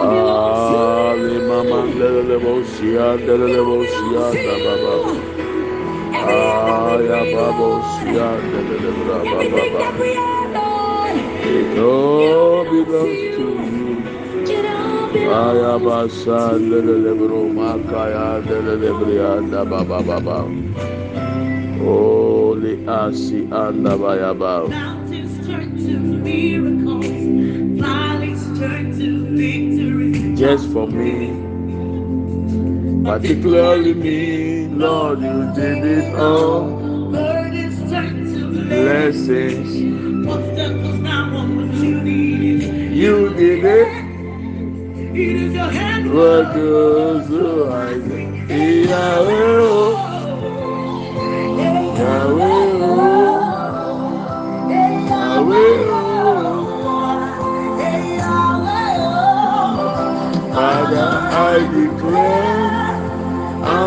Ale mama you. miracles. Valleys turn to victory just for me. Particularly me, Lord, you did it all. Blessings. You did it. What goes on? Yahweh. Yahweh. Yahweh.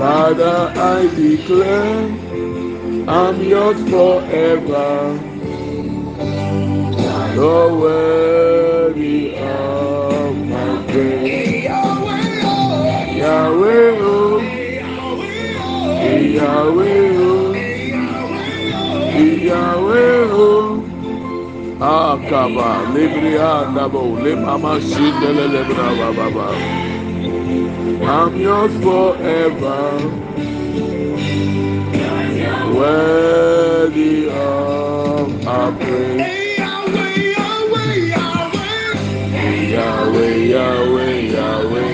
bada ajdikלe am jות foeva dowdi a mab awו awו akava לibriadabou לmaמa שidlldרavב I'm yours forever. Worthy of our praise. Yahweh, Yahweh, Yahweh. Yahweh, Yahweh, Yahweh.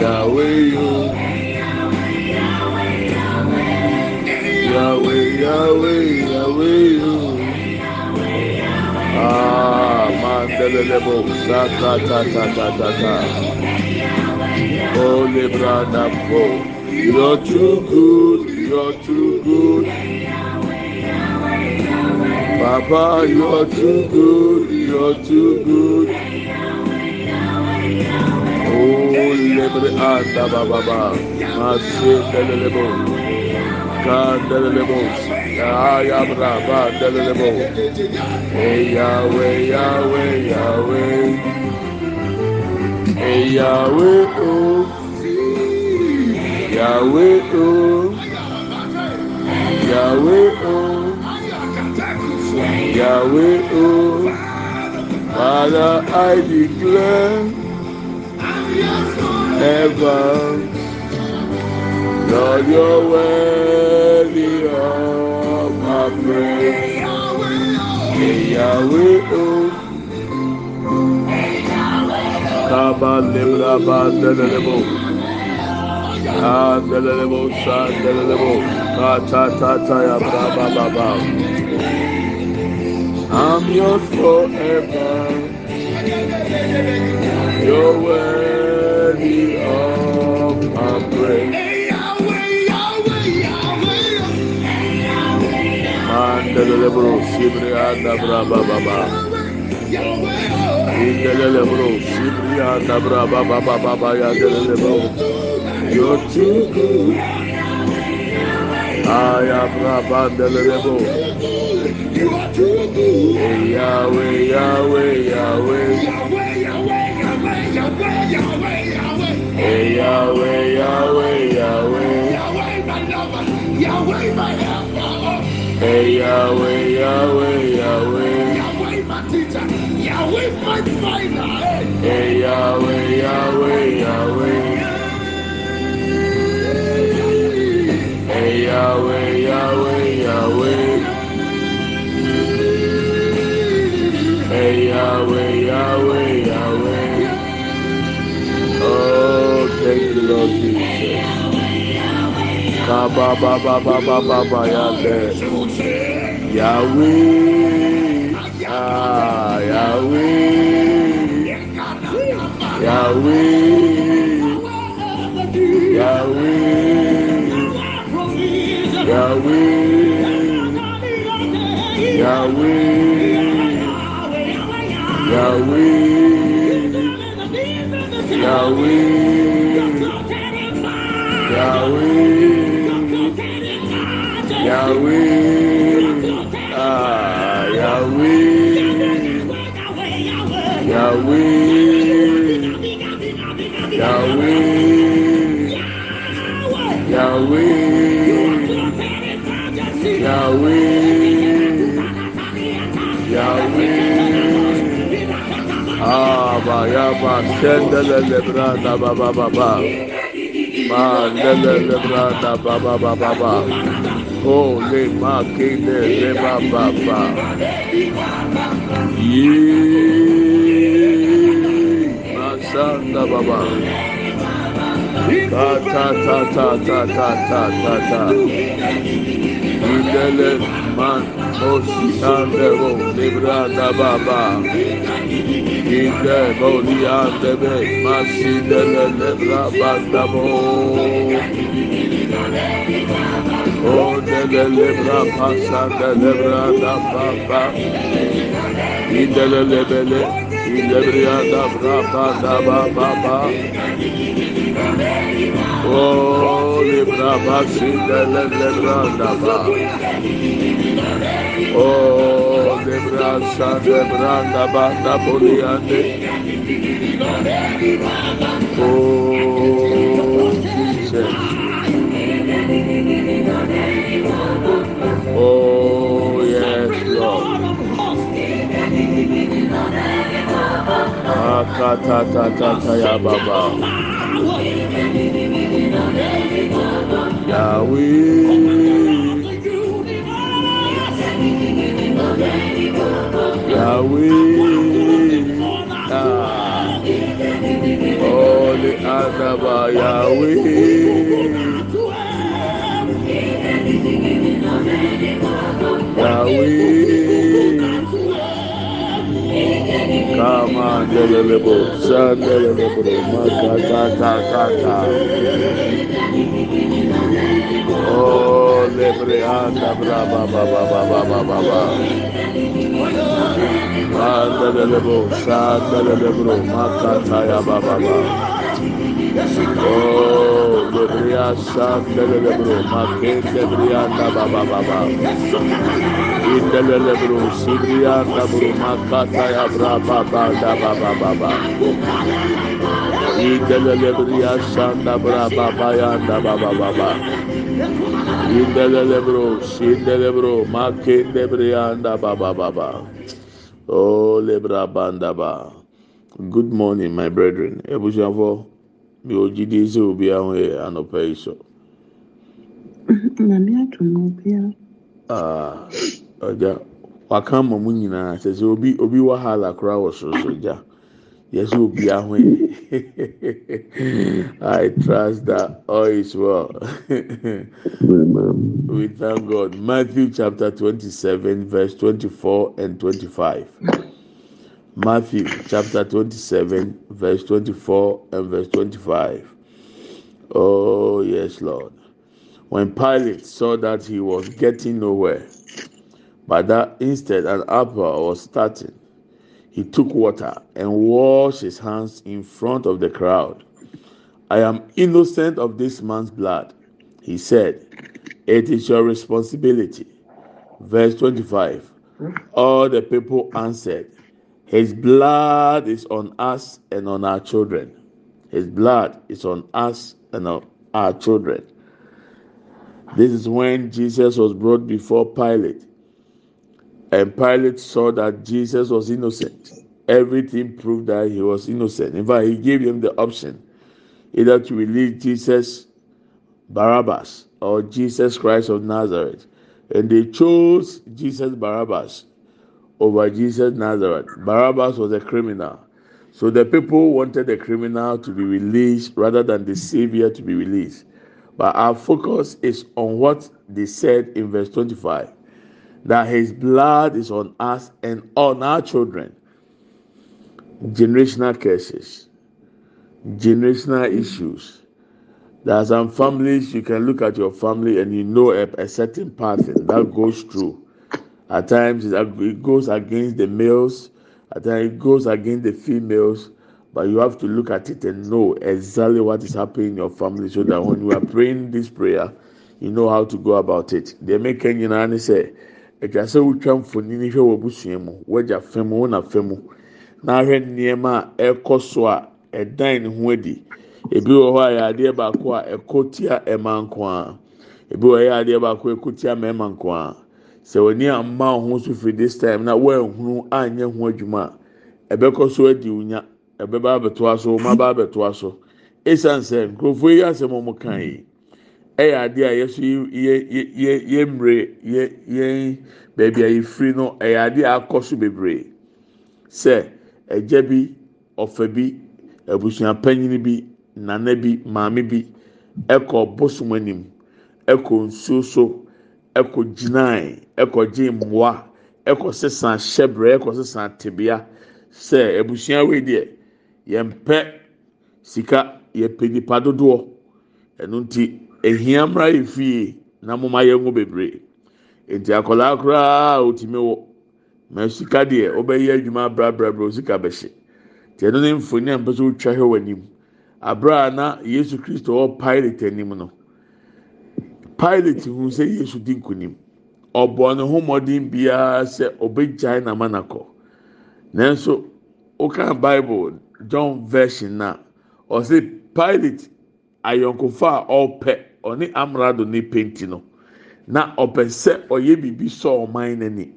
Yahweh, Yahweh, Yahweh, Yahweh, Yahweh, Yahweh. Ah. Mandelebo You're too good, you're too good Papa, you're too good, you're too good Holy Branda Baba Masendelebo Yahweh, Yahweh, Yahweh, oh, Yahweh, oh, Yahweh, oh, Yahweh, oh, Father, I declare ever, Lord, you're worthy of my praise. Yahweh, oh. Kaba ba delelebo. delelebo sa delelebo. ta ta ta ya ba ba ba ba. I'm yours forever. You're worthy of my praise. Mandelelebro sibre anda bra ba ba ba. Indelelebro yanda bra ba ba ba ba ba yanda You're too good. I am Rabban the Lebo. Yahweh, Yahweh, Yahweh. Yahweh, Yahweh, Yahweh. Yahweh, Yahweh, Yahweh. Yahweh, my lover. Yahweh, my helper. Yahweh, Yahweh, Yahweh. Hey, Yahweh, Yahweh, Yahweh. Hey, Yahweh, Yahweh, Yahweh. Hey, Yahweh, Yahweh, Yahweh. Oh, thank you, Lord Jesus. Ba ba ba ba ba ba ba ba Yahweh. Yahweh. Yahweh, Yahweh, Yahweh, Yahweh, Yahweh, Yahweh, Yahweh. Yahweh, Yahweh, Yahweh. Yahweh, Yahweh, Yahweh, Yahweh, Yahweh. Aba yaba sendele lebranda ba ba ba ba. Mandele lebranda ba ba ba ba ba. Oh le makine le ba ba ba. Yeah. Sanda Baba. Ta ta ta ta ta ta ta ta ta. Udele man osi ande bo libra da baba. Inde bo li ande be masi dele libra banda bo. O delebra pasa delebra da papa. Idelebele ilebria da brapa da baba. O lebra pasi delebra da ba. O lebra sa delebra da ba da poliande. O n ab ah. Kama delelebo, Oh, Oh, Maria Sandelebro, Makendebria Naba Baba, Indelebro, Sibria Nabru, Makataya Braba Baba Baba, Indelebria Sanda Braba Bayanda Baba Baba, Indelebro, Sindelebro, Makendebria Naba Baba Baba, Oh Lebra Bandaba. Good morning, my brethren. Ebujanvo. miwɔgyedie sɛ ɔbia ho ɛ anɔpai so ah, waka ma m nyinaa sɛ sɛ obi wɔ haalakoraa wɔ sosogya yɛ sɛ ɔbia hoɛiaiswllwethank gd matthew chapter 27 v24a 25 Matthew chapter 27, verse 24 and verse 25. Oh, yes, Lord. When Pilate saw that he was getting nowhere, but that instead an uproar was starting, he took water and washed his hands in front of the crowd. I am innocent of this man's blood, he said. It is your responsibility. Verse 25. All the people answered his blood is on us and on our children. His blood is on us and on our children. This is when Jesus was brought before Pilate. And Pilate saw that Jesus was innocent. Everything proved that he was innocent. In fact, he gave him the option either to release Jesus Barabbas or Jesus Christ of Nazareth. And they chose Jesus Barabbas over Jesus Nazareth. Barabbas was a criminal. So the people wanted the criminal to be released rather than the Savior to be released. But our focus is on what they said in verse 25 that his blood is on us and on our children. Generational curses, generational issues. There are some families you can look at your family and you know a, a certain pattern that goes through At times it goes against the males, at times it goes against the females, but you have to look at it and know exactly what is happening in your family so that when you are praying this prayer, you know how to go about it. They make nyinaa ne sɛ, atwa sɛ wotwa mfonini hwɛ w'abusua mu, w'agya fam, wo na fam, na ahwɛ nneɛma a ɛkɔ so a ɛdan ne ho adi. Ebi wɔ hɔ a yɛ adeɛ baako a ɛkɔ tia ɛma nko ara. a yɛ a ɛkɔ sɛ w'ani amma ho so firi this time na wɔahunu anyɛ ho adwuma a ɛbɛkɔ so adi wunya ɛbɛba abɛtoa so ɔma ba abɛtoa so esan sɛ nkurɔfoɔ yi asɛm ɔmo kan yi ɛyɛ adeɛ a yɛso yɛ yɛ yɛ mmerɛ yɛ yɛn baabi a yɛfiri no ɛyɛ adeɛ a akɔ so bebree sɛ ɛgya bi ɔfɛ bi abusua panyin bi nana bi maame bi ɛkɔ bosom anim ɛkɔ nsuo so ɛkɔ gyinae ɛkɔ gye mmoa ɛkɔ sesa hyɛbrɛ ɛkɔ sesa tebea sɛ ebusua wei deɛ yɛn pɛ sika yɛ pɛ nipa dodoɔ ɛno nti ehia mmra yɛ fie na ma yɛn ho bebree nti akwadaa koraa otimi wɔ mɛ sika deɛ ɔbɛyɛ adwuma brabrabra osika bɛhyɛ te ɛno ne mfoni a mpɛsɛ otwa hɛ wɔ anim abraa na yesu kristo ɔɔ pilate anim no pilate hu sɛ yesu di nkonim ɔbɔ ne ho mmɔden biara sɛ ɔbɛgyae n'ama n'akɔ nanso woka bible john version na ɔsɛ pilate ayɔnkofa a ɔpɛ ɔne amrado ne penti no na ɔpɛ sɛ ɔyɛ biribi sɔ ɔman n'ani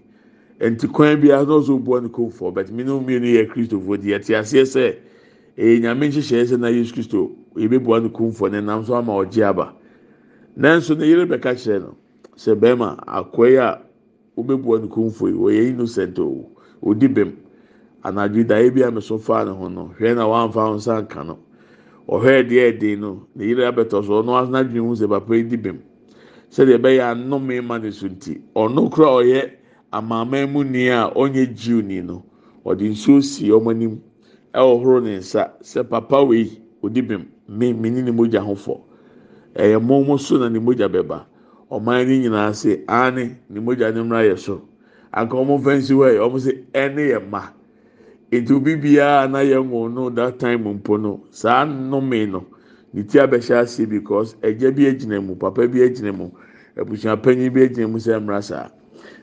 nti kwan biara na ɔsɛ ɔbua ne kɔnfoɔ bɛt mi ne mu mmienu yɛ kristofoɔ di yɛte aseɛ sɛ ɛyɛ nyame nhyehyɛeɛ sɛ na yesu kristo yɛbɛbua ne kɔnfoɔ ne nam so ama ɔgye aba. nanso ne yere bɛka kyerɛ no sɛ bɛrima a wobɛbua no kumfo yi wɔyɛ innocent o odi bɛm anadwo da a faa ne ho no hwɛ na wamfa ho nsa nka no ɔhwɛ deɛ ɛden no ne yere abɛtɔ so ɔno sɛ yi di bɛm sɛdeɛ ɛbɛyɛ anome ma ne so nti ɔno kora ɔyɛ amaaman mu ni nsa sɛ papa wei odi bɛm ne mogya ho ɛyɛ mmɔmmɔ so na ne mogya bɛba ɔman no nyinaa sɛ ane ne mogya ne mmra yɛ so anka wɔn nsi wɔ yɛ wɔn sɛ ɛne yɛ ma nti obi biara na yɛ ŋun no that time mpo no saa nnome no ne ti abɛhyɛ ase because ɛgya bi egyina mu papa bi egyina mu abusua panyin bi egyina mu sɛ mmra saa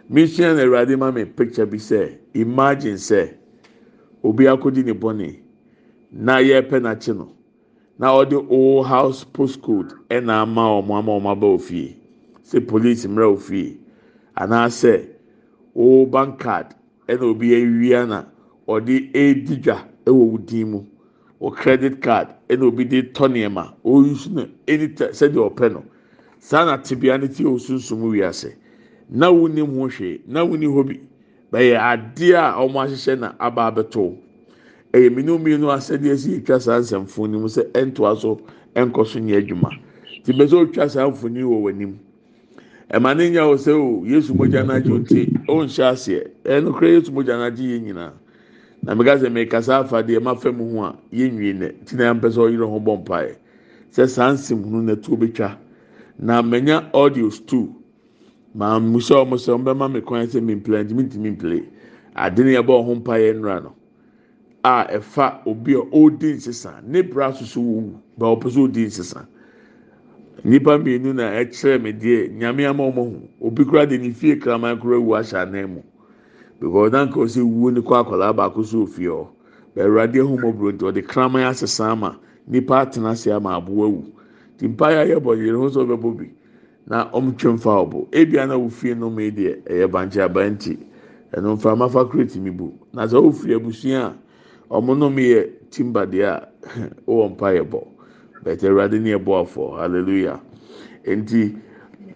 mission na awurade ma mi picture bi sɛ imagine sɛ obi akɔdi ne bɔne na yɛrepɛ n'akyi no. na ọ ɔde old house postcode na ama wɔn ama wɔn aba ofie sɛ police mmerɛ ofie anaasɛ old bankad card ɛna obi awia na ọ dị edi dwa ɛwɔ ụdị din mu o credit na ɛna obi de tɔ nneɛma ɔyusu no ɛni tɛ sɛdeɛ ɔpɛ no saa na tibia na ti o sunsun mu wiase na wo ni hụ hwee na wo ni hɔ bi bɛyɛ adeɛ a wɔn ahịhịa na aba abɛto ɛyɛ mmienu mmienu asɛdeɛ si etwa saa nsɛmfo ne mu sɛ ɛntoa so ɛnkɔ so nyɛ adwuma ti bɛ sɛ otwa saa mfoni wɔ w'anim ɛma ne nya o sɛ o oh, yesu mogya n'agye o ti o nhyɛ aseɛ ɛno kura yesu mogya n'agye yɛ nyinaa na mɛka sɛ mɛkasa afa deɛ ma fɛ mu ho a yɛ nwie nɛ ti na yɛn pɛ ɔyere ho bɔ mpaeɛ sɛ saa nsɛm ho na tuo betwa na mɛnya audios too maa musa ɔmo sɛ ɔmo bɛma mi kwan sɛ mi mpilɛ ntumi ntumi mpilɛ ade ne yɛ bɔ ɔho mpaeɛ nwura no. a ɛfa obi a ɔredi nsesa ne bra soso wɔwu ba ɔpɛ sɛ ɔdi nsesa mmienu na ɛkyerɛ me deɛ nyame ama ɔmo ho obi kura de ne fie kraman kura wu ahyɛ anan mu because nanka ɔsɛ ne kɔ akwadaa baako so ofie hɔ nti ɔde kraman asesa ama nipa atena ase ama aboa wu ti mpa yɛ ayɛ bɔ yɛrɛ ho na ɔmo twɛm fa ɔbɔ ebia na ofie no mu deɛ ɛyɛ bankye abanti ɔmo nom yɛ a wɔn mpa yɛ afọ hallelujah nti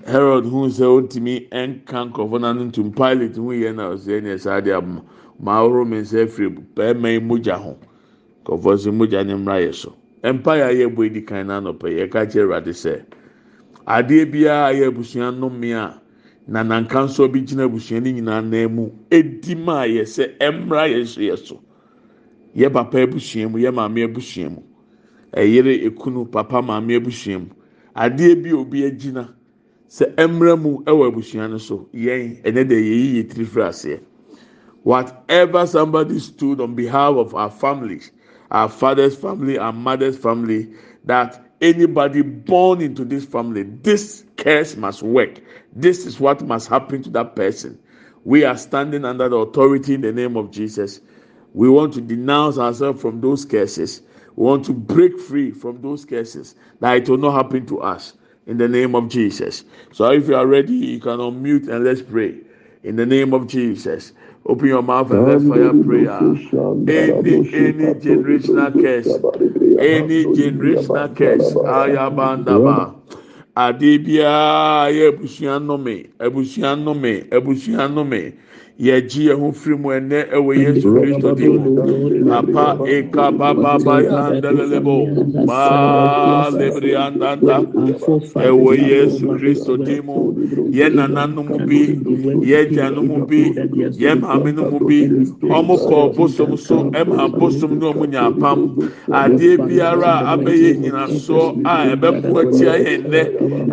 herod hu sɛ ɔntumi nka nkɔfo n'ano ntum pilot na ɔsɛ e ne ɛsɛ adeɛ ama maa ɔhoro mi nsa efiri bɛrima yi mogya ho nkɔfo so mpa edi kan ka adeɛ biara na nanka bi gyina so. yɛ papa abusua mu yɛ maame abusua ɛyere ekunu papa maame abusua adeɛ bi obi agyina sɛ ɛmra mu ɛwɔ abusua no so yɛn ɛnɛ de yɛyi yɛ tiri firi aseɛ whatever somebody stood on behalf of our families our father's family our mother's family that anybody born into this family this curse must work this is what must happen to that person we are standing under the authority in the name of jesus. We want to denounce ourselves from those curses. We want to break free from those curses that it will not happen to us in the name of Jesus. So if you are ready, you can unmute and let's pray in the name of Jesus. Open your mouth and let's fire prayer. Any any generational curse, any generational curse, ayabandaba. Ade biara ayɛ abusua nnome, abusua nnome, abusua yɛgye yɛn ho firi mu ɛnɛ ɛwɔ yesu kristo di mu apa eka bababa yandelelebo maa lebiri andanda ɛwɔ yesu kristo di mu yɛ nananom bi yɛ gyanom bi yɛ maamenom bi ɔmo kɔ bosom so ɛma bosom ne ɔmo nya apam adeɛ biara abɛyɛ nyinasoɔ a ɛbɛko atia yɛn nnɛ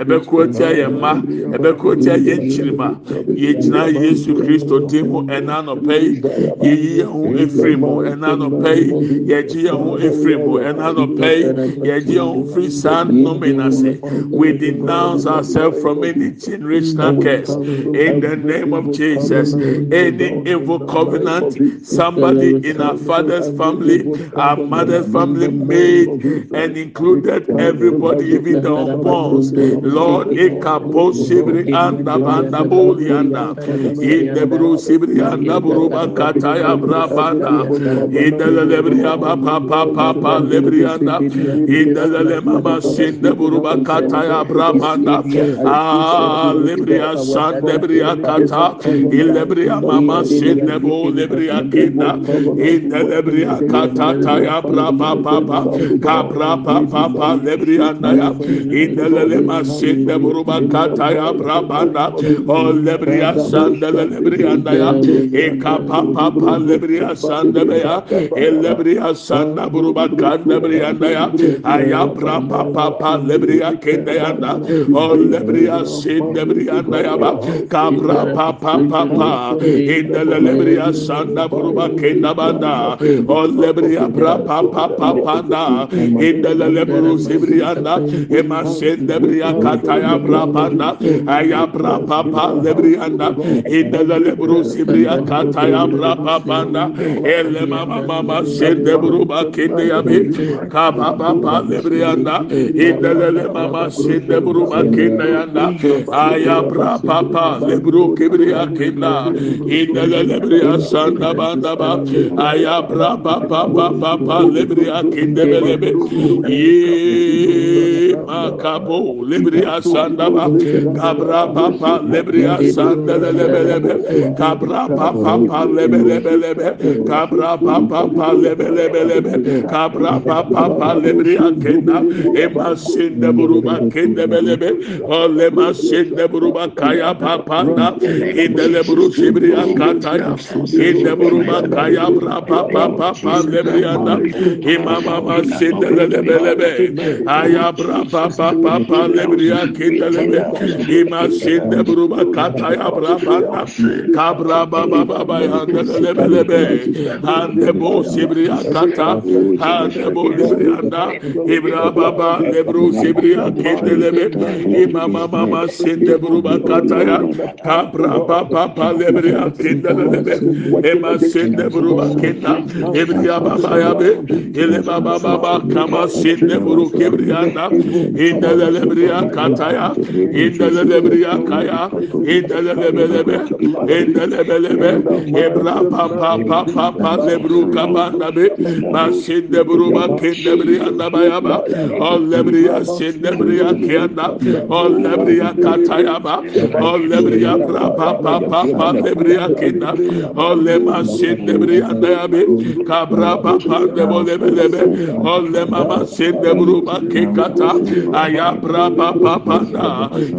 ɛbɛko atia yɛn mma ɛbɛko atia yɛn kyirima yɛgyina yesu kristo di. mu ɛna anɔpɛ yi yɛyi yɛn ho efiri mu ɛna anɔpɛ yi yɛgye yɛn ho efiri mu ɛna anɔpɛ yi yɛgye yɛn ho firi saa nnome n'ase we denounce ourselves from any generational curse in the name of Jesus any evil covenant somebody in our father's family our mother's family made and included everybody even the unborns Lord ekapo shibiri anda banda boli in the sibriyanda buruba kataya brabana. indele lebriya papa papa papa lebriyanda indele le mama sinde buruba kataya brabanda a ah, lebriya san lebriya kata ilebriya mama sinde bu lebriya kinda indele lebriya kata taya braba papa kabra papa pa lebriyanda ya indele le mama sinde buruba kataya brabanda o oh, lebriya san lebriya ya ekapa papa lebriya sanda be ya elebriya sanda burubat kanda briya da ya aya pra papa papa lebriya kende ya da o lebriya sin lebriya da ya ba kabra papa papa indele lebriya sanda burubat kenda banda o lebriya pra papa papa da indele lebru sibriya da ema sin lebriya kataya bra banda aya pra papa lebriya da indele lebru Rosibria Kata Yabra Papanda Ele Mama Mama Sende Buruba Kende Yabi Kaba Papa Lebrianda indele Mama Sende Buruba Kende Yanda Ayabra Papa Lebru Kibria Kenda Indelele Bria Sanda Banda Ba Ayabra Papa Papa Lebria Kende Belebe Ye Makabo Lebria Sanda Ba Kabra Papa Lebria Sanda Lebelebe kabra papa pa pa lebe lebe lebe kabra pa pa pa lebe lebe lebe kabra pa pa pa lebre akena buruba kende belebe o oh, le masinde buruba kaya papa pa na indele buru sibri akata ya inde buruba kaya bra papa papa pa pa imama ana e mama masinde lebe lebe aya bra pa pa pa pa lebre lebe e masinde buruba kata ya bra pa abraba baba baba bayanda lebelebe ande bo sibri akata ande bo libri anda ibra baba lebru sibri akende lebe imama mama sende bru bakata ya kabra baba baba lebri akende lebe ema sende bru baketa ibri baba ya be ele baba baba kama sende bru kibri anda inde lebri akata ya inde lebri akaya inde lebelebe inde belebe lebe ebra pa pa pa pa pa lebru kabanda be masinde buruma pinde briyanda bayaba ol lebriya sinde briya kiyanda ol ya ya katayaba ol ya pra pa pa pa pa lebriya kinda ol le masinde briyanda yabe kabra pa pa de bolebe lebe ol le mama sinde buruma kikata aya pra pa pa pa da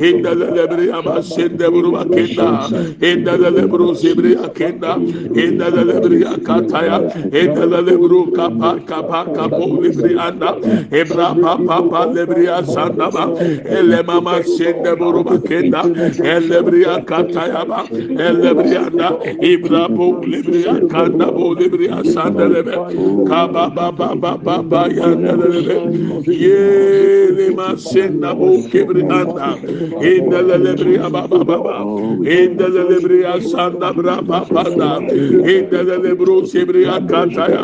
hinde lebriya masinde buruma kinda hinde lebriya lebru zibri akenda enda da lebri akataya enda da lebru kapa kapa kapo lebri anda ebra pa pa pa lebri asanda ba ele mama sende boru bakenda lebri akataya ba lebri anda ibra po lebri akanda bu lebri asanda lebe kaba ba ba ba ba ba yanda lebe ye le ma sende bo kebri anda enda lebri aba ba ba enda lebri asanda yanda braba banda indele lebro sebri akataya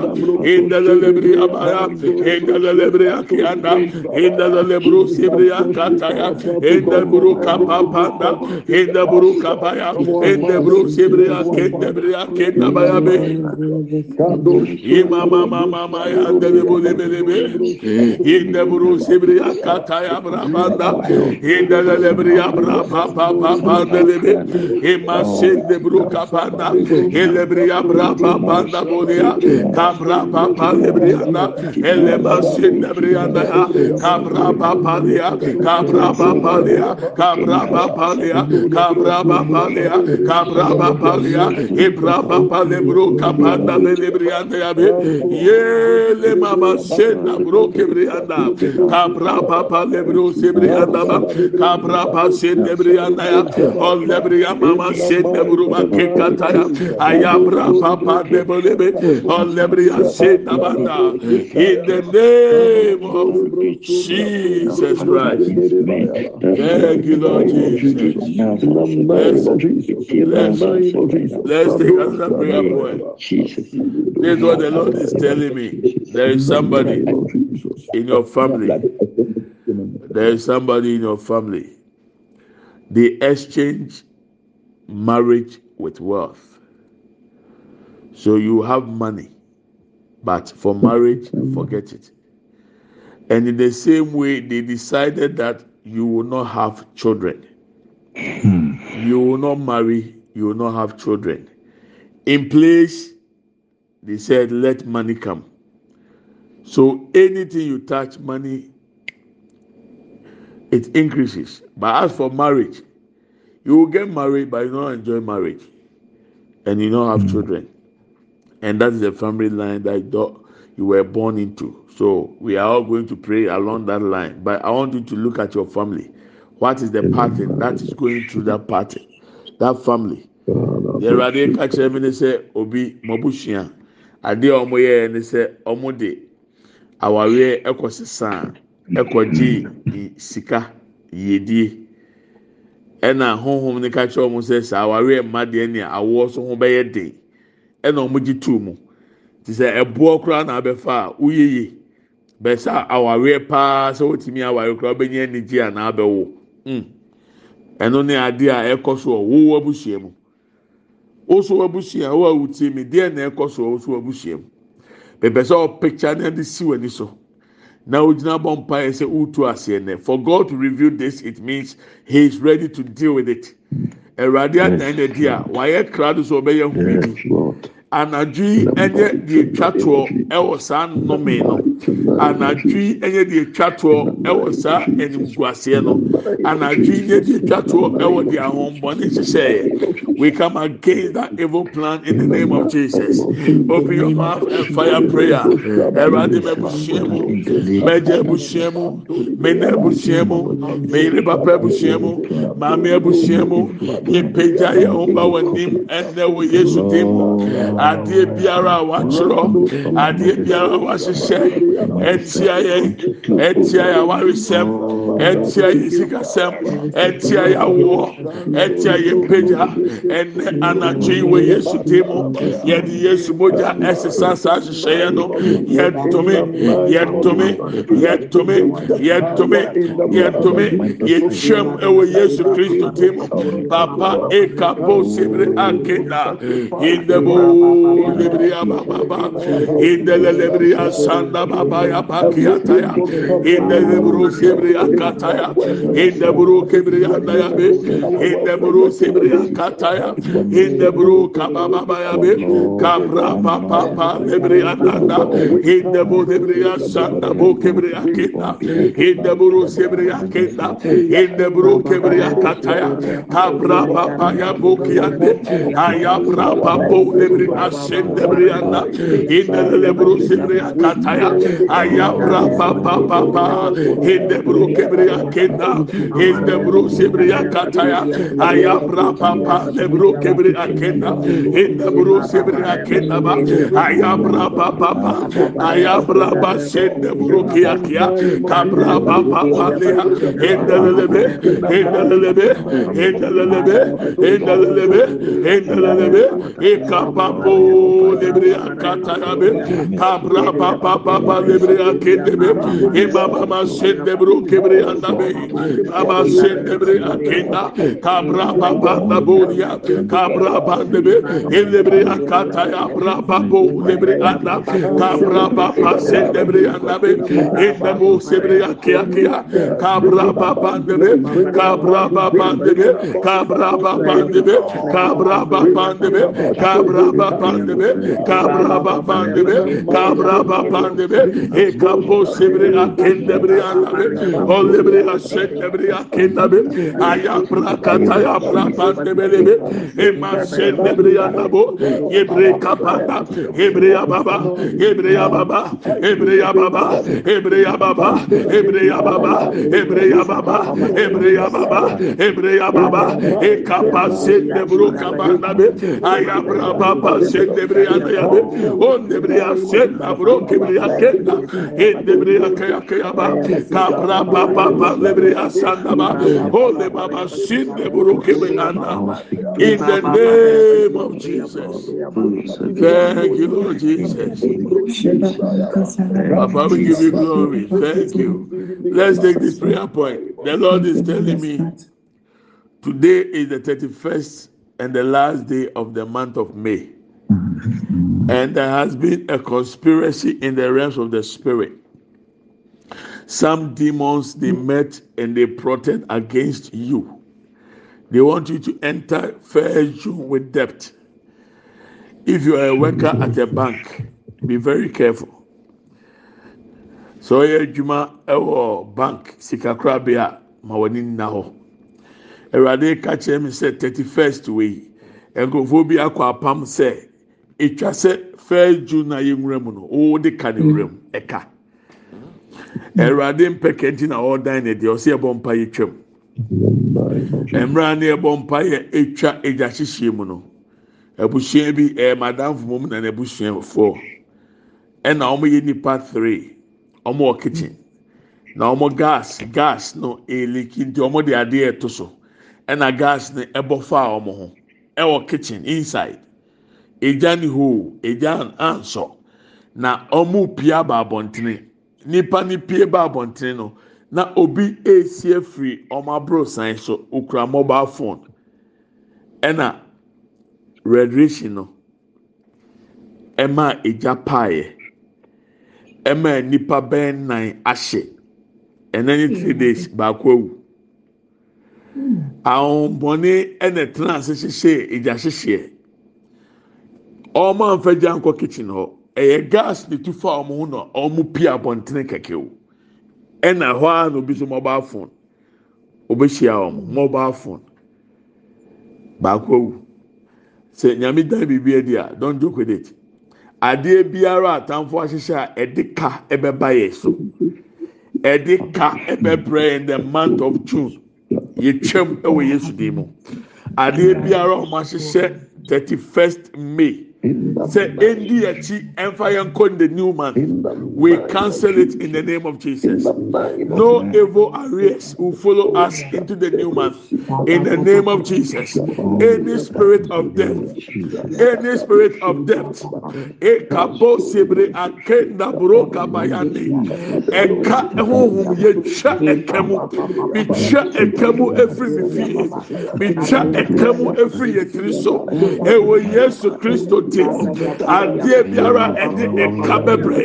indele lebri abaya indele lebri akiyanda indele lebro sebri akataya indele buru kapa banda indele buru kapaya indele buru sebri akende bri akende baya be imama mama maya indele bole bele be indele buru sebri akataya brabanda indele lebri abra pa pa pa pa indele be imasende bru ruka panda elebria braba panda bolia kabra papa lebriana eleba sin lebriana kabra papa lia kabra papa lia kabra papa lia kabra papa lia kabra papa lia ibra papa lebro ya lebriana yabe yele mama sin bro kebriana kabra papa lebro sebriana kabra papa sin lebriana ya ol lebriana mama sin lebro kekataya ayabra papa debelebe olebri aseta banda in the name of Jesus Christ thank you Lord Jesus let's let's, let's take another prayer point this is what the Lord is telling me there is somebody in your family there is somebody in your family they exchange marriage with wealth. So you have money, but for marriage, forget it. And in the same way, they decided that you will not have children. Hmm. you will not marry, you will not have children. In place, they said, let money come. So anything you touch, money, it increases. But as for marriage, You will get married, but you don't enjoy marriage, and you don't have hmm. children, and that is the family line that you were born into. So we are all going to pray along that line. But I want you to look at your family. What is the pattern that is going through that pattern, that family? Yẹ̀rọ̀dẹ̀ kàkyẹ́ mi ni sẹ́ obi mọ̀bùsùn à, adé yẹ ni sẹ́ wọ́n de àwárí ẹ̀kọ́ sísan ẹ̀kọ́ gye sika yìí ɛna honhom no ka kyerɛ ɔmo sɛ saa awareɛ mma deɛ nea awoɔ so ho bɛyɛ den ɛna gye tuu mu te sɛ e ɛboɔ koraa na abɛfa e a woyeye bɛsa awareɛ paa sɛ wotumi aware koraa wobɛnya anigye anaa bɛwo mm ɛno ne adeɛ a ɛkɔ e so wɔ wo abusua mu woso abusua wo a wotie mi deɛ na ɛkɔ so wɔ woso abusua mu bɛbɛ si so. Now, ogyina bɔ mpaeɛ sɛ wotu for god to review this it means he is ready to deal with it And adan na di a wayɛ kra do sɛ ɔbɛyɛ homedi anadwo yi ɛnyɛ deɛ twa toɔ ɛwɔ saa nnome no anadwo yi ɛnyɛ deɛ twa toɔ ɛwɔ saa animguaseɛ no anadwo yie di twatoɔ ɛwɔ di ahombɔne hyehyɛɛ we come against that evil plan in the name of jesus open your mouth and fire prayer ɛwurade biara a wakyerɛ adeɛ biara a wahyehyɛ ɛtia yɛn ɛtia yɛ sikasɛm ɛtia yɛ awoɔ ɛtia yɛ mpagya ɛnɛ anatwo yi wɔ yesu dim yɛde yesu mogya ɛsesa saa hyehyɛeɛ no yɛtome yɛtome yɛtome yɛtome yɛtome yɛtwam ɛwɔ yesu kristo dim papa eka bo sebre akeda indebo lebre ababa indelelebre asanda baba ya pakiata ya indelebro sebre akeda kataya inde buru kibriya daya be inde buru sibriya kataya inde buru kababa baya be kabra pa pa pa kibriya danda inde bu kibriya sanda bu kibriya kita inde buru sibriya kita inde buru kibriya kataya kabra pa ya bu kiyande aya pra pa bu kibriya sende kibriya da inde le buru sibriya kataya aya pra pa pa pa pa buru kibriya lebreya kenda in the bro sebreya kataya aya bra papa lebro kebreya kenda in the bro sebreya kenda ba aya bra papa aya bra ba sende bro kia kia kabra papa leha in the lebe in the lebe in the lebe in the lebe in the lebe ikapapo e lebreya kataya be kabra papa papa lebreya kende be ibaba e ma sende bro kebreya anda be raba sende bre akenda kabra baba da boria kabra bande be evde bre akata ya braba bo de bre anda kabra baba sende bre anda be evde bo se bre akia kia kabra baba de be kabra baba de be kabra baba de be kabra baba de be kabra baba de be kabra baba de be kabra baba de be e kapo se bre akenda bre anda be lebre ya şekebre ya kendabe ayak bırakata ya bırakmaz demeli Emma şer lebre ya nabo Hebre kapata Hebre ya baba Hebre ya baba Hebre ya baba Hebre ya baba Hebre ya baba Hebre ya baba Hebre ya baba Hebre ya baba e de bro kapanda be ayak baba sen de ya ya be on de ya sen bro kebre ya kenda e de ya kaya kaya ba kapra baba Baba Lebre Asandaba, Holy Baba Sinde Burukiminanda, in the name of Jesus. Thank you, Lord Jesus. Papa, we give you glory. Thank you. Let's take this prayer point. The Lord is telling me today is the 31st and the last day of the month of May. And there has been a conspiracy in the realms of the spirit some demons they mm. met and they protest against you. They want you to enter fair June with debt. If you are a worker mm. at a bank, be very careful. So yɛ Juma ɛwɔ bank sikakrabia ma naho. Erade hɔ. thirty first way. nkurɔfoɔ bi akɔ apam sɛ etwa sɛ fair June na yɛ nwura mu no, wɔde awurade mm. mpɛkɛ nti na ɔredan ne deɛ ɔsɛ ɛbɔ mpa yɛ twam mmerɛ ne ɛbɔ mpa yɛ atwa agya hyehyɛ mu no abusua bi ɛyɛ eh, madamfo mu na n'abusuafoɔ ɛna wɔn yɛ nipa three wɔn wɔ kitchen na wɔn gas gas no eliki nti wɔn de adeɛ ɛto so ɛna gas no ɛbɔ fa wɔn ho ɛwɔ e kitchen inside egya ni hoo egya ansɔ na wɔn pia ba abɔntene. nipa ni pie ba abɔnten no na obi esi efiri ɔmo aborosan so okura mobile phone ɛna radiation no ɛma egya paeɛ ɛma nipa bɛn nan ahyɛ ɛna ne three days baako awu ahombɔne ɛna tena ase hyehyɛ egya hyehyɛ ɔmo anfɛ gya nkɔ kitchen hɔ. ɛyɛ gas de tu fa wɔn ho na wɔn pie abɔntene kɛkɛ ɛna hɔ ara na obi so mobile phone obɛhyia ɔmo mobile phone baako awu sɛ nyame dan biribi adi a don joke with it adeɛ biara atamfo ahyehyɛ a ɛde ka ɛbɛba yɛ so ɛde ka ɛbɛbrɛ in the month of june yɛtwam ɛwɔ yesu dim mu adeɛ biara wɔn ahyehyɛ thirty first may. sɛ ɛndi akyi ɛmfa yɛn kɔ the new man we cancel it in the name of jesus no evil arrears will follow us into the new man in the name of jesus any spirit of death any spirit of death ekabo sebre akenda buro kabayane ɛka ɛhohom yɛtwa ɛka mu bitwa ɛka mu efiri mi fie cha ɛka mu efiri yɛ tiri so ɛwɔ yesu kristo nti adeɛ biara ɛde ɛka bɛbrɛ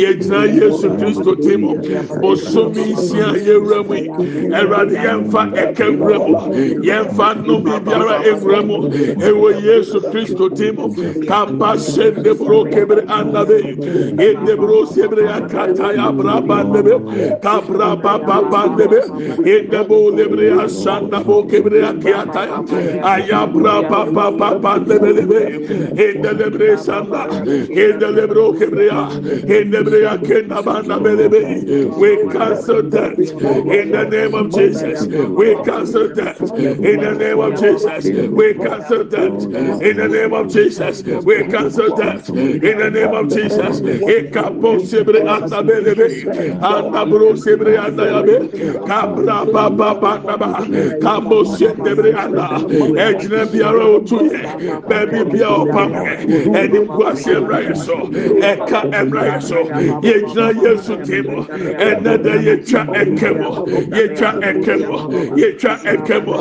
yɛgyina yesu kristo ti mu bosomi nsia yɛwura mu yi ɛwurade yɛmfa ɛka nwura mu yɛmfa nnome biara nwura mu ɛwɔ yesu kristo ti mu kapa hyɛnde buro kebere anabe ende buro sebere akata abraba nebe kabra baba nebe ende bo lebere asanda bo kebere akiata ayabra baba baba nebe Hendelebre samba, hendelebro kebrea, hendebrea kenda banda belebe. We cancel that in the name of Jesus. We cancel that in the name of Jesus. We cancel that in the name of Jesus. We cancel that in the name of Jesus. Ekapo sebre anda belebe, anda bro sebre anda yabe, kabra ba ba ba ba, kabo sebre anda. Ejne biara otu ye, baby biara ɛne gu ase ɛmraeɛ so ɛka ɛmraeɛ so yɛgyina yesu tee mu ɛnɛ dɛ yɛtwa ɛkɛ mu yɛtwa ɛkɛ mu yɛtwa ɛkɛ mu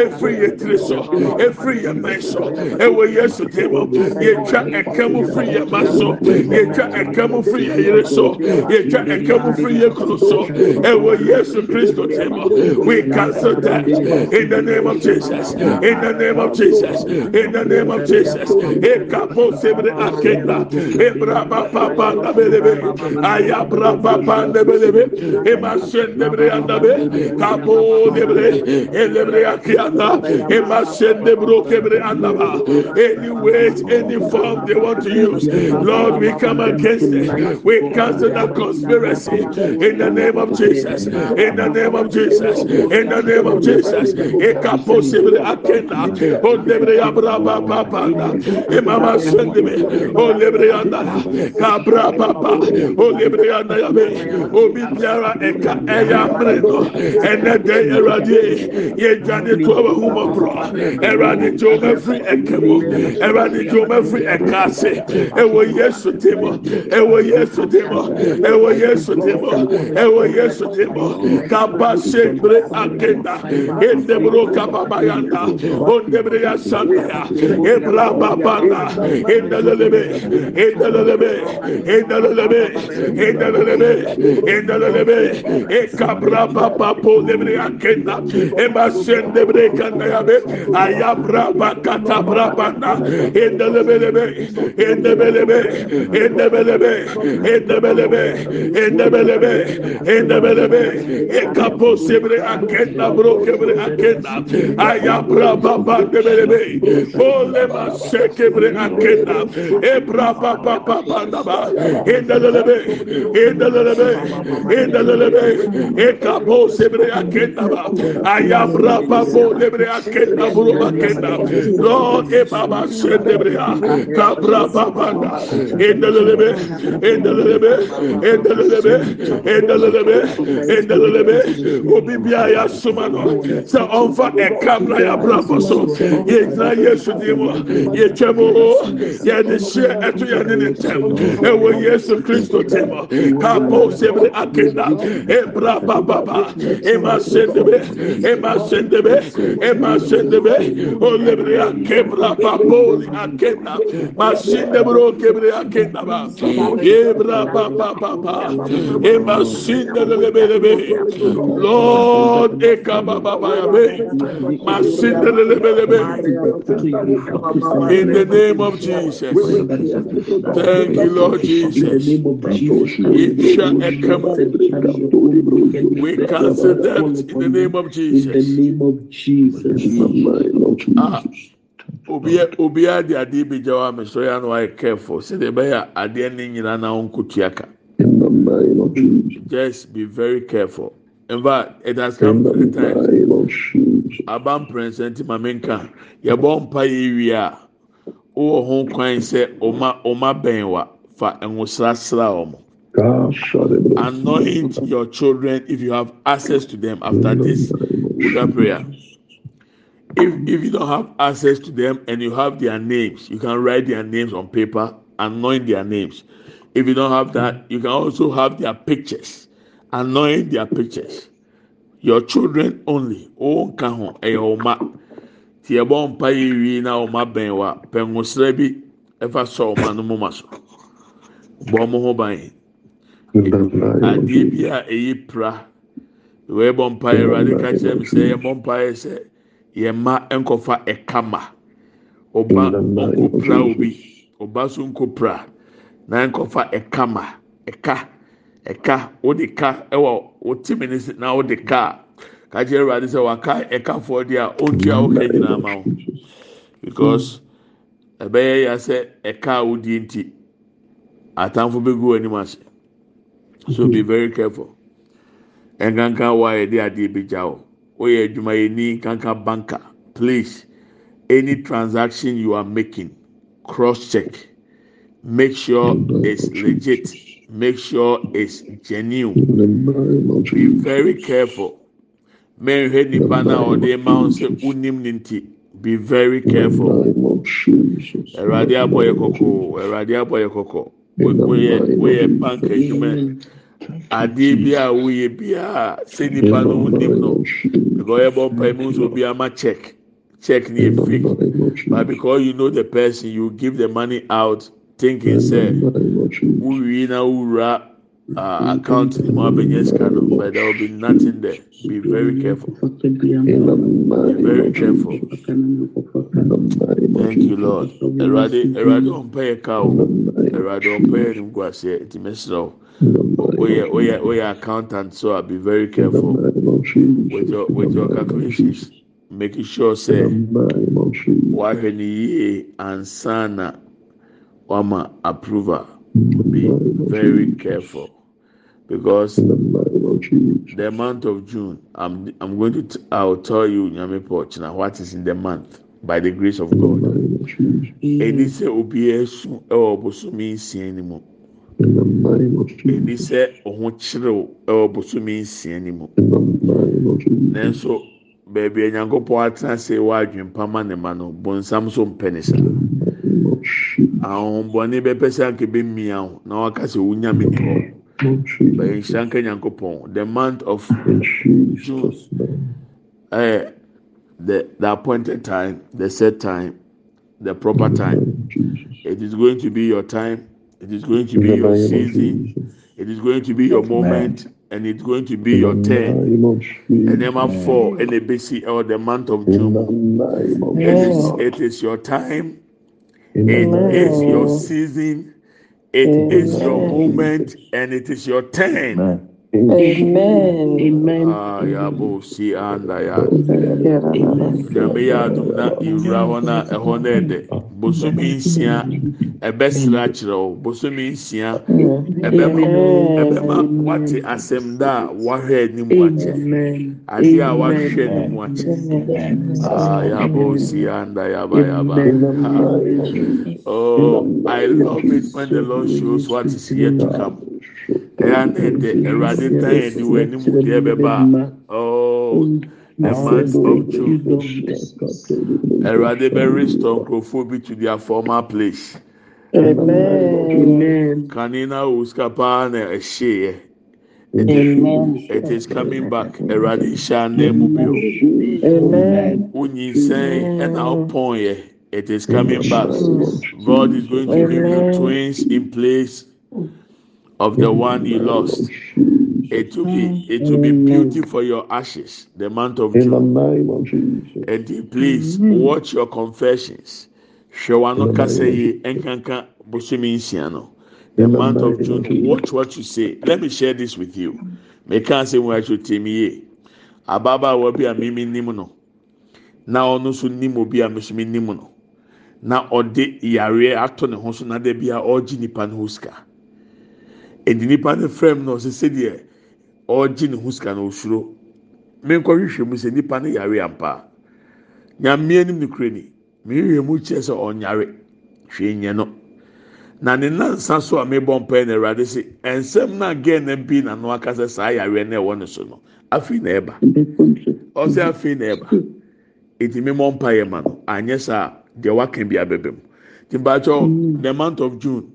ɛfiri yɛ tiri so ɛfiri yɛ mɛn so ɛwɔ yesu tee mu yɛtwa Free mu firi yɛ ma so yɛtwa ɛkɛ mu firi yɛ yere so yɛtwa ɛkɛ mu firi yɛ kuru so ɛwɔ yesu kristo tee mu we cancel that in the name of jesus in the name of jesus in the name of jesus. Capo sebre aketa ebra ba papa ba na belebe aya bra ba ba na belebe e ma shen bre anda be kapo debre e debre akiana e ma shen debro kebre anda ba any way any form they want to use lord we come against it we cancel that conspiracy in the name of jesus in the name of jesus in the name of jesus e kapo sebre aketa o debre abra ba ba ba na mama sende me o oh, lebre anda kabra papa o oh, lebre anda ya me o oh, mi biara eka eya mredo ene de eradi, ye jade to wa huma bro Eradi jo me free ekemo erade jo me free ekase ewo yesu temo ewo yesu temo ewo yesu temo ewo yesu temo kabashe bre akenda ende bro kababa yanda o debre ya sanda ebra baba endalaleme, endalaleme, endalaleme, endalaleme, endalaleme, e kabra baba po demre yakenda, e basen demre kanda yabe, ayabra bakata brabanda, endalaleme, endalaleme, endalaleme, endalaleme, endalaleme, endalaleme, e kapo semre akenda bro kebre akenda, ayabra baba demre, o lema sekebre aelee idɛllebe ekabosebre akenaba ayabraba bo lebre akeda bor ba kena lɔ ebabasɛderea kabrababada lee obibia yasumanɔ sɛ ɔnfa ɛkabla yabrabɔsɔ yeyna yesu dimɔ yeɛ mu yɛde hyɛ ɛto yɛne ne ntɛm ɛwɔ yesu kristo tem kapo sɛbere akenda ebra bababa ema sendebe ema sendebe ema sendebe olebere akebra papoli akenda masindebro kebere akenda ba ebra bababa ema sindelebelebe lord ekabababa yabe masindelebelebe in the name name of Jesus. Thank you, Lord ah, Jesus. We cancel that in the name of Jesus. In the name of Jesus. obiara de adeɛ bi gya wa mesoro ya na wayɛ careful sɛdeɛ ɛbɛyɛ adeɛ ne nyinaa na wɔn nkotua ka just be very careful in fact it has come three times abampere nsɛnti maame nka yɛbɔ mpa yɛ wie wowɔ ho kwan sɛ ɔma ɔma bɛn wa fa ɛnwosrasra wɔn. Anoint your children if you have access to them after this prayer. prayer. If if you don't have access to them and you have their names, you can write their names on paper, anoint their names. If you don't have that, you can also have their pictures, anoint their pictures. Your children only. Oh, ti yɛbɔ mpa yi wie na wɔn abɛn wa pɛnwosrɛ bi ɛfa sɔ wɔn ano moma so bɔ wɔn ho ban adeɛ bi a ɛyɛ pra wɔyɛbɔ mpa yɛ ɛwurade ka kyerɛ mi sɛ yɛbɔ mpa yɛ sɛ yɛma nkɔfa ɛka ma ɔba ɔnko pra obi ɔba so nko na nkɔfa ɛka ma ɛka ɛka wɔde ka ɛwɔ wɔte mi ne se na wɔde ka a. kakyere awurade sɛ waka ɛkafoɔ deɛ a otua wo hɛ nyinaa ma wo because ɛbɛyɛ ya sɛ ɛka a wodie nti atamfo bɛgu w'anim ase so be very careful ɛnkankan wa yɛde adeɛ bi gya wo woyɛ adwumayɛni kanka banka please any transaction you are making cross check make sure it's legit make sure it's genuine be very careful mehwɛ nipa na ɔde ma ho sɛ unim ne nti be very careful awurade abɔ yɛ kɔkɔ awurade abɔ yɛ kɔkɔ woyɛ woyɛ bank adwuma adeɛ bi a woyɛ bi a sɛ nipa no ho nim no because yɛbɔ mpae mu nso bi ama check check ne yɛ fake but because you know the person you give the money out thinking "Say, wuyi na wura. uh, account in my business but there will be nothing there. Be very careful. Be very careful. Thank you, Lord. Erade, erade ompeye kao. Erade ompeye nimkwasi. Iti mesro. Oye, oye, oye accountant. So be very careful with your with your calculations. Making sure say wahwe ni yie ansana wama approver. Be very careful. because the The month of June, I'm I'm going to I'll tell you, Nyamepo, now what is in the month by the grace of God. Ẹni sẹ́ obi ẹ̀sùn ẹ̀wọ̀ e bùsùnmí nsìn ẹni mu. Ẹni oh ọ̀hún kyerẹ́w ẹ̀wọ̀ bùsùnmí nsìn ẹni mu. Nanso beebi ẹ̀nyankopọ̀ atena sẹ ẹ̀wọ̀ adwempama ne ma no bọ̀nsam so mpẹ ne sa. Ahọ̀nbọ̀nì bẹ́pẹ́ sẹ́ ànkẹ́ bẹ́ mmea ho na wọ́n akásẹ̀ bɛyɛnhyianka nyankopɔn the month of june eh, the the appointed time the set time the proper time it is going to be your time it is going to be your season it is going to be your moment and it's going to be your turn. And number four, and BC or the month of June. It is, it is your time. It is your season. It Amen. is your moment and it is your turn. Amen. aɛmna raɔnhdɛ bosome nsa bɛsra kyerɛwo bosomensia bɛm bɛma wate asɛm de a wahwɛ nemuaky ase a wahwɛ nomuakyɛd And nke awurade oh mm. of to their former place kanina oska na It is coming back. Awurade hyɛ anan mu bio. Wonyinsɛn It is coming back. God is going to give you twins in place of the one you lost. It will be it will be beauty for your ashes, the month of June. And please watch your confessions. Shawanoka say enkanka busumi insiano. The month of June. Watch what you say. Let me share this with you. Make us say we should tell me. Ababa will be a mimi nimuno. Na ọno so nim obi a mesumi nim no na ɔde yare ato ne ho na de bia ɔregye nipa ne edi nipa ne fram na ɔsi sɛdeɛ ɔregye ne ho sika na osuro menkɔ hwehwɛ mu sɛ nipa ne yare ampa nyamea nim ne kure ni mehwehwɛ mu kyerɛ sɛ ɔnyare hwee nyɛ no na ne nansa so a mebɔ mpae na awurade se nsɛm na gɛɛ na bi na no akasa saa yare na ɛwɔ ne so no afei na ɛba ɔsɛ afei na ɛba eti mebɔ mpae yɛ ma no anyɛ saa deɛ waka bi abɛbɛ mu timbaakyɛw the month of june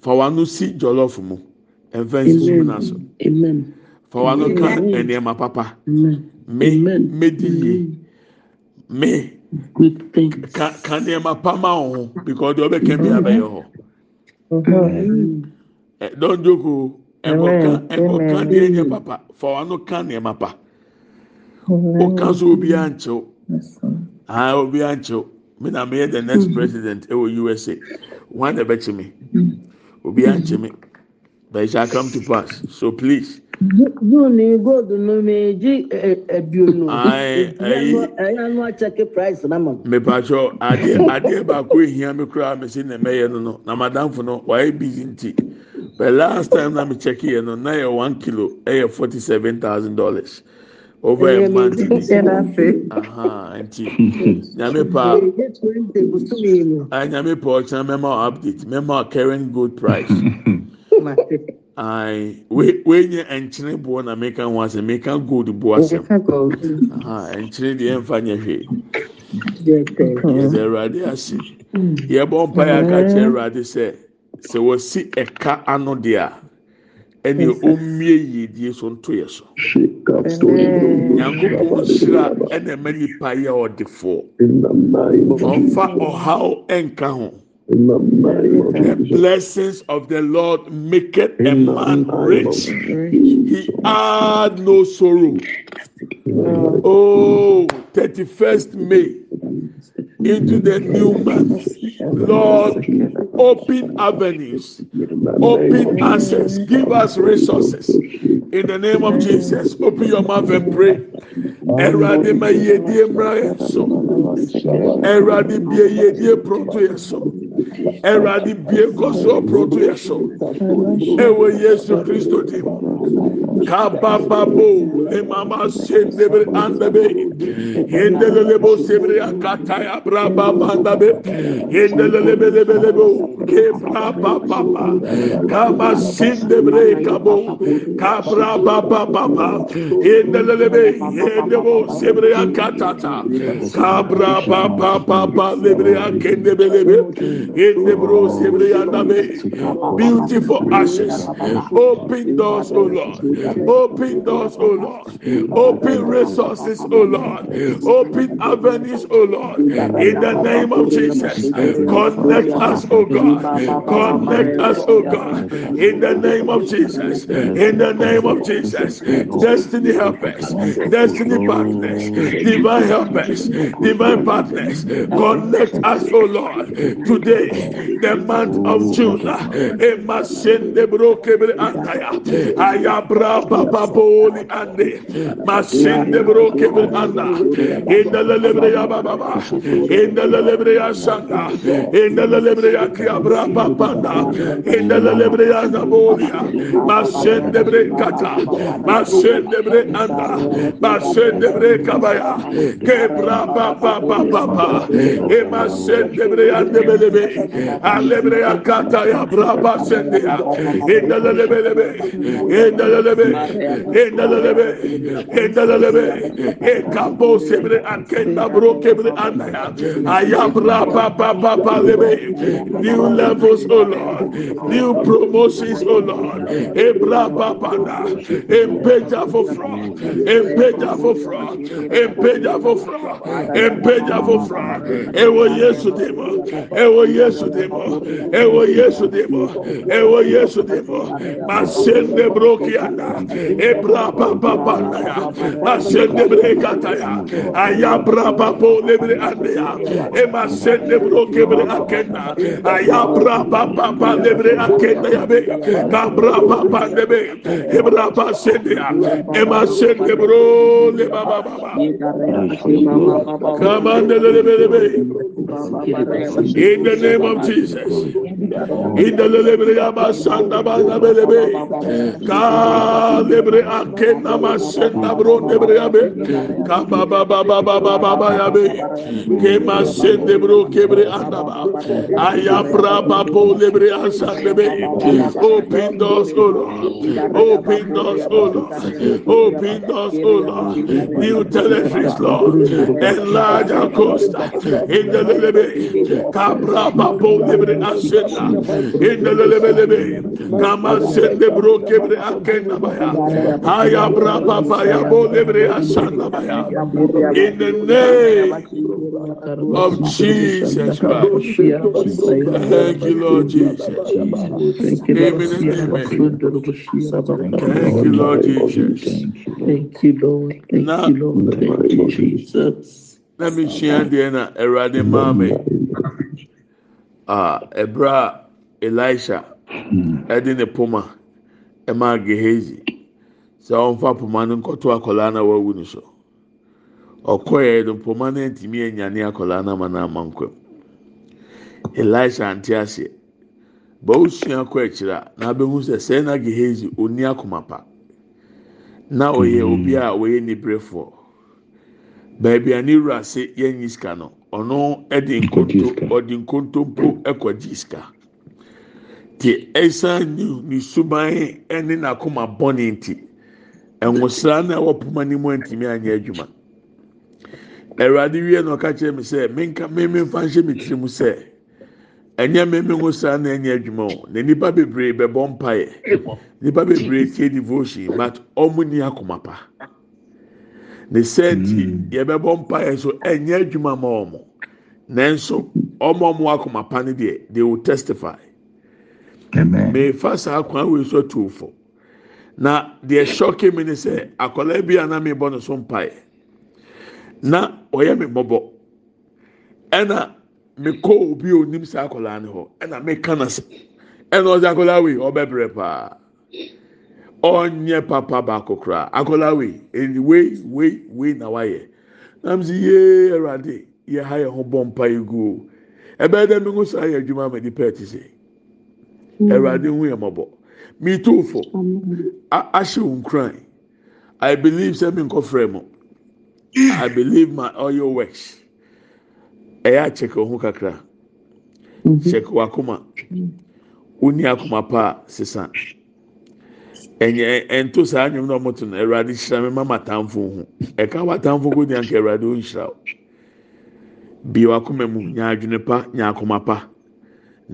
fa wɔn ano si jollof mu. Amen. Amen. na so fa wa no ka nneɛma papa me Amen. yie me ka ka nneɛma uh-huh. eh, pa ma wo papa because deɛ ɔbɛka bi abɛyɛ hɔ don joko ɛkɔ ka ɛkɔ ka deɛ nyɛ papa fa wa no ka nneɛma pa o ka so obiara nkyɛw aa obiara nkyɛw me na meyɛ the next mm. president ɛwɔ usa wɔn adabɛkyɛ mi obiara nkyɛ mi but it shall come to pass. So please. June gold price kura no but last time na check yẹ no na one kilo ẹ eh, seven thousand dollars over a eh, month. Nti eh, nyame pa ah, nyame pa update mẹ́mà current good price. ayi wenye nkyene boɔ na meka ho asɛm meka gold boɔ asɛm nkyene deɛ mfa nyɛ hwee yɛsɛ awurade ase yɛbɔ mpa yɛ aka kyerɛ awurade sɛ sɛ wɔsi ɛka ano deɛ a ɛne ɔmmie yiedie so nto yɛ so nyankopɔn nhyira ɛna ɛma nipa yɛ ɔdefoɔ ɔmfa ɔhaw ɛnka ho. the Blessings of the Lord make it a man rich. He had no sorrow. Oh, 31st May into the new month. Lord, open avenues, open access. give us resources. In the name of Jesus, open your mouth and pray. Eradi ma Eradi pronto Eradi bie koso proto yeso. Ewe Yesu Kristo dim. kabababo e mama sendebir andebe yendelele bo sebri akata ya braba bandabe yendelele bele bele bo ke braba baba kaba sendebre kabo kabra baba baba yendelele be yendebo sebri akata ta kabra baba baba lebri akende bele be yendebro sebri andabe beautiful ashes open doors oh lord Open doors, O Lord. Open resources, O Lord. Open avenues, O Lord. In the name of Jesus, connect us, O God. Connect us, O God. In the name of Jesus. In the name of Jesus. Destiny help us. Destiny partners. Divine help us. Divine partners. Connect us, O Lord. Today, the month of June. Emasende brokebre antaya. Ayabra olad masndebrkeaa indlalebrya bababa inebra sana nrakabraa bra ala masndbrkaa masndebr ada masndebrkabaya kebrapapa masrarab endelelebe endelelebe ekabo sebre akenda bro kebre anaya ayabra pa pa pa pa lebe new levels oh lord new promotions oh lord ebra pa pa da empeja for fraud empeja for fraud empeja for fraud empeja for fraud ewo yesu demo ewo yesu demo ewo yesu demo ewo yesu demo masende bro kianda ebra baba bana ya asende bre kata ya aya bra babo ande ya sende bro akenda aya bra baba akenda ya be ka bra baba ba sende ya sende bro le baba baba come on in the name of Jesus in the lebe lebe ya ba sanda ba ka Ah, lebre ake nama bro abe. ba ba ba ba ba ba ba kebre ba bo asa Open doors, O Lord. Open doors, O Lord. Open doors, O Lord. New territories, Lord. Enlarge our coast. In the lebe. Kabra ba bo In the lebe lebe. kebre ba in the name of Jesus Christ. Thank you, Lord Jesus. Amen and amen. Thank you, Lord Jesus. Thank you, Lord. Thank you, Lord. Thank you, Jesus. Let me share the na Erade Mame. Ah, Ebra Elisha. Hmm. Edin Puma. ɛmaa gehezi sɛ ɔnfa poma no nkɔto akwadaa na wawu ne so ɔkɔɛ no poma no ntumi anyane akwadaa no ama no ama nkɔm elisa ante aseɛ bawusua kɔ akyire a n'abɛhu sɛ sɛɛ na gehezi oni akoma pa na ɔyɛ mm. obi a ɔyɛ niberefoɔ baabi a ne wura ase yɛnyi sika no ɔno ɛde nkonto ɔde nkontompo ɛkɔgye sika. te ɛsan ni ne suban ɛne n'akoma bɔne nti ɛnwosra na ɛwɔ poma ne mu ntumi anyɛ adwuma ɛwurade wie na ɔka kyerɛ mi sɛ minka mímí nfa nhyɛ mi tiri mu sɛ ɛnyɛ mímí nwosra na ɛnyɛ adwuma o na nipa bebree bɛbɔ mpaeɛ nipa bebree tie devotion but ɔmo ni akoma pa ne sɛ ti mm. yɛbɛbɔ mpaeɛ so ɛnyɛ adwuma ma ɔmo nanso ɔmo ɔmo akoma pa ne deɛ they will testify mefa saa kwan wei so atu fo na deɛ shɔke mi ni sɛ akwadaa bi a na mi bɔ ne so mpae na ɔyɛ mi mɔbɔ ɛna mi kɔ obi a onim saa akwadaa ne hɔ ɛna mi ka na sɛ ɛna ɔsɛ akwadaa wei ɔbɛbrɛ paa ɔnyɛ papa baako koraa akwadaa wei ɛni wei wei wei na wayɛ na mi sɛ yee ɛwurade yɛ ha yɛ ho bɔ mpae gu o ɛbɛyɛ dɛ mi nko saa yɛ adwuma mi di pɛɛ sɛ. Hmm. Ẹwurade hu yẹ mọbọ. Mi tu fo. Ahyẹ wọn kran. I believe sẹ mi nkọ fẹrẹ I believe my oil works. Ẹ yà kyekẹ ọhún kakra. Kyekẹ wakoma. Wọ́n ní akoma pa sisan. ɛnyɛ ɛnto saa nnwom na ɔmo to no awurade hyira mi ma ma tanfo ho ɛka wa tanfo ko nyanka awurade o nhyira o bi wakoma mu nya adwene pa nya akoma pa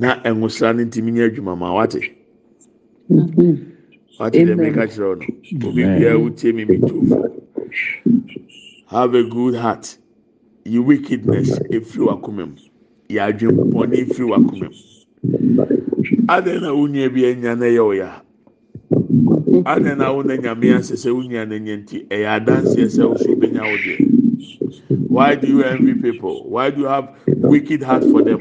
na ɛwsra no ntiminya adwuma m w w dɛ mika kerɛ w no obbiaawotimimitf have agd hat wikedness ɛfiri myɛdnefi nɛɛɛɛɛ ɛwaɛyed heat for them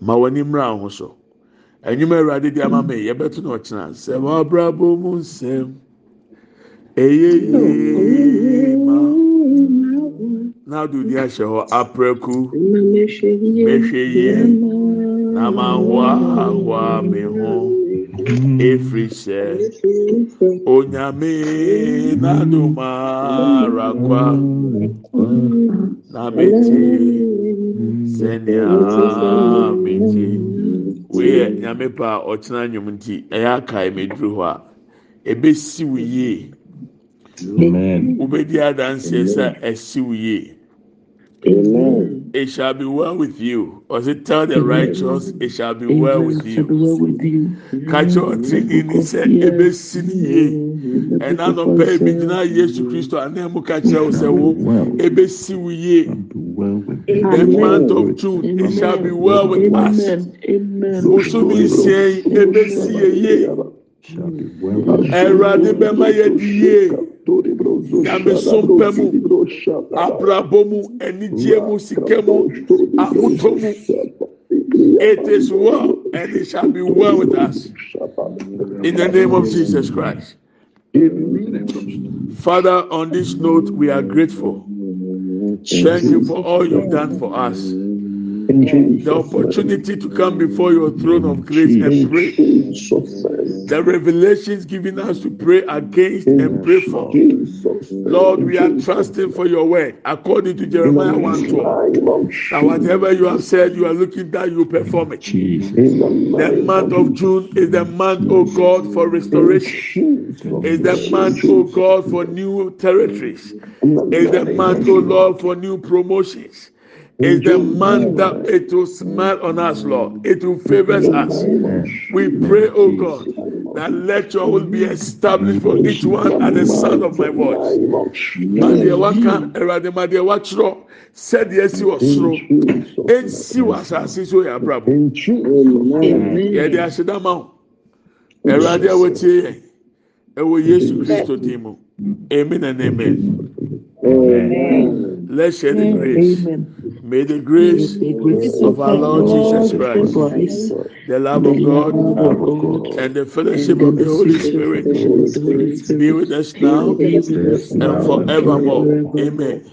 ma w'ani mmra ho so enyim awurade di ama mi yɛbɛto na ɔkyena sɛ w'abrabɔ mu nsɛm ma n'adu di ahyɛ hɔ aprɛku mehwɛ yie na ma hoa ahoa mi ho efiri sɛ onyame n'adu ma Amen. meti sɛnea meti wei yɛ nyame pa a ɔtena nnwom nti ɛyɛ akae meduru hɔ a ebesi wo yie wobɛdi adanseɛ sɛ ɛsi wo yie It shall be well with you. Or it tell the righteous, it shall be well with you. Catch your thing in said, Ebesi ni ye. ɛna now ebi gyina yesu kristo anam ka kyerɛ wo sɛ wo ebesi wo yie the month of june it shall be well with us osu mi nsia yi ebesi yẹ yie ɛwurade bɛma And di yie nyamesom pɛ mu abrabɔ mu anigyeɛ mu sika mu ahotɔ mu. It is well, and it shall be well with us. In the name of Jesus Christ. Father, on this note, we are grateful. Thank you for all you've done for us the opportunity to come before your throne of grace and pray. The revelations given us to pray against and pray for. Lord, we are trusting for your word according to Jeremiah 1 12. whatever you have said, you are looking that you perform it. The month of June is the month, O oh God, for restoration. Is the month, O oh God, for new territories. Is the month, O oh Lord, for new promotions. is the man that it will smile on us, Lord. It will favor us. We pray, oh God, that let your will be established for each one at the sound of my voice. Madewa kan erade madewa tro said yes you are slow. En si was as so ya brabo. Ye de aseda ma ho. Erade wetie ye. Ewo Yesu Kristo dimo. Amen and amen. Amen. Let's share the grace. Amen. May the grace, of, our Lord, Jesus Christ, the love of God, and the fellowship of the Holy Spirit, be with us now and forevermore. Amen.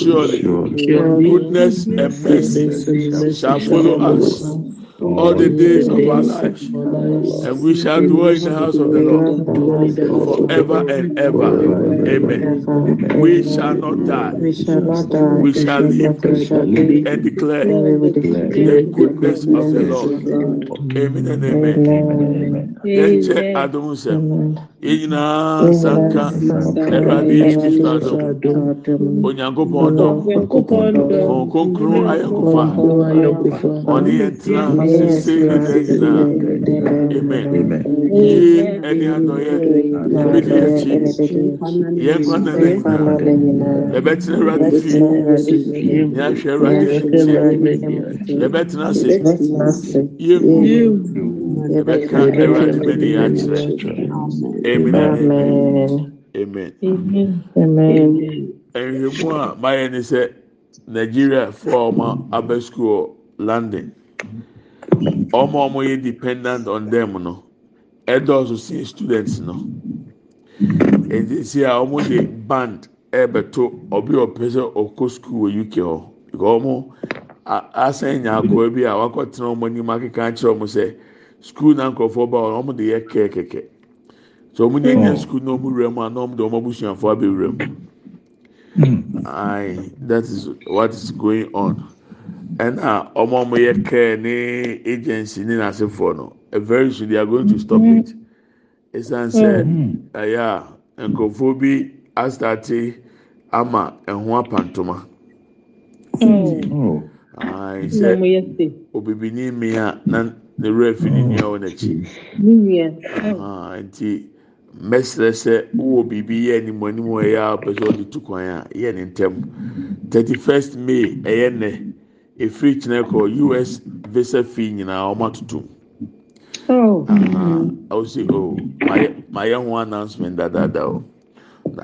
Surely goodness and mercy shall follow us all the days of our life, and we shall dwell in the house of the Lord forever and ever. Amen. We shall not die. We shall live and declare the goodness of the Lord. Amen and amen. amen. amen. amen. E yɛn nyinaa sanka ɛradeɛ stiftado onyankobɔndɔ kon kronkro ayɔkofa ɔne yɛtena sesene dɛ nyinaa emen yen ɛne adɔeɛ ne mɛdi akyi yɛ hwan nabena yɛbɛtena wurade fii ne ahwɛ wrade fitiɛ ime yɛbɛtena se yɛnu nhwemu a mayɛ ne sɛ nigeria foɔ ɔma aba skuul ɔ ɔma ɔmo yɛ dependent on them no ɛdɔɔso see students no ɛnti a ɔmo de band ɛbɛto ɔbi ɔpɛ sɛ ɔkɔ skuul wɔ uk hɔ ɔmo asɛn bi a wakɔtena ɔmo anim akeka akyerɛ ɔmo sɛ. school na nkurɔfoɔ ba wɔn wɔn de yɛ kɛɛ kɛkɛ so wɔn nyɛ nyɛ school na wɔn wura mu a na wɔn de wɔn abusuafoɔ abɛ wura mu hmm. ayi that is what is going on ɛna wɔn a wɔn yɛ kɛɛ ne agency ne n'asefoɔ no very soon they are going to stop it esan sɛ hmm. Hmm. ɛyɛ a nkurɔfoɔ bi asate ama ɛho apantoma. Mm. Oh. Ayi sɛ obibini mmea na ne werɛ fi ne oh, nua wɔ n'akyi oh. ah, nti mɛsrɛ sɛ wowɔ biribi yɛ anim anim a ɛyɛ a wopɛ sɛ ɔde tu kwan a yɛ ne ntɛm thirty first may ɛyɛ nnɛ efiri kyerɛ kɔ us visa fee nyinaa wɔn atoto mu ɔsi o mayɛ ho announcement dadaada o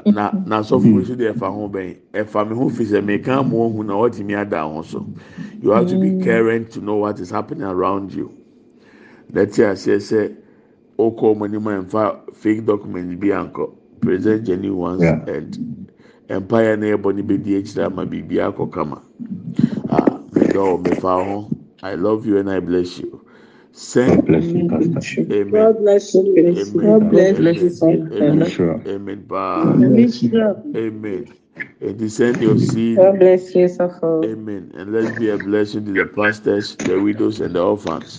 na na asɔfo bi so de ɛfa ho bɛn ɛfa mi ho fi sɛ mɛka mu ohun na ɔtumi ada ho you have to be mm. caring to know what is happening around you. dɛte aseɛ sɛ wokɔ ɔmo anim a nfa fake document bi ankɔ present genuine ones yeah. and empire na ɛbɔ ne bɛdi akyire ama biribi akɔ kama ah mɛdɔ wɔ mɛfa ho i love you and i bless you. Send, God bless you, Amen. God bless you. Amen. God bless you. Amen. Amen. Amen. Amen. Amen. And descend your seed. God bless you, Amen. And let's be a blessing to the pastors, the widows, and the orphans.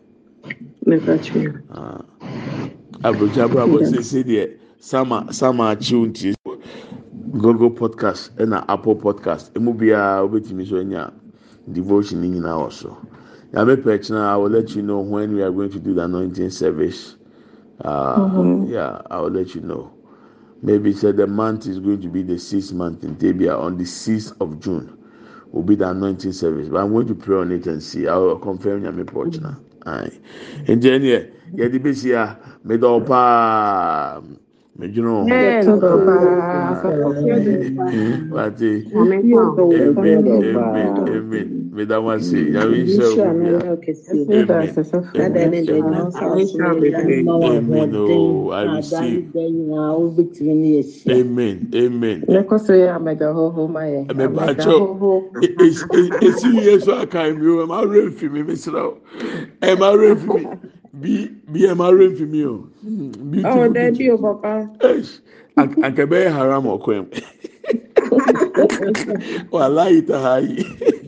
aburukyabura bɔ sese deɛ summer, sama akyew ntie google podcast and apple podcast emu biara obetumi so anya devotion in nyinaa wɔ so yabe i will let you know when we are going to do the anointing service uh, mm -hmm. yeah i will let you know maybe the month is going to be the sixth month in Tabia on the sixth of June will be the anointing service but i'm going to pray on it and see i will confirm yabe pɛkyina. Mm -hmm. ingenie jedi besia medo pa tvn medama se nyame nhyɛ amen amen mekɔ e, e, e, so yɛ amagahoho ma yɛ mebakyɛ ɛsi yie so akan mi o ɛmawerɛ mfi mi mesrɛ o ɛmawerɛ mfi mi bi bi ɛmawerɛ mfi mi o bi tu ɔ dɛbi o papa ankɛbɛyɛ haram ɔkɔ mu wàhálà yìí ta ha yìí.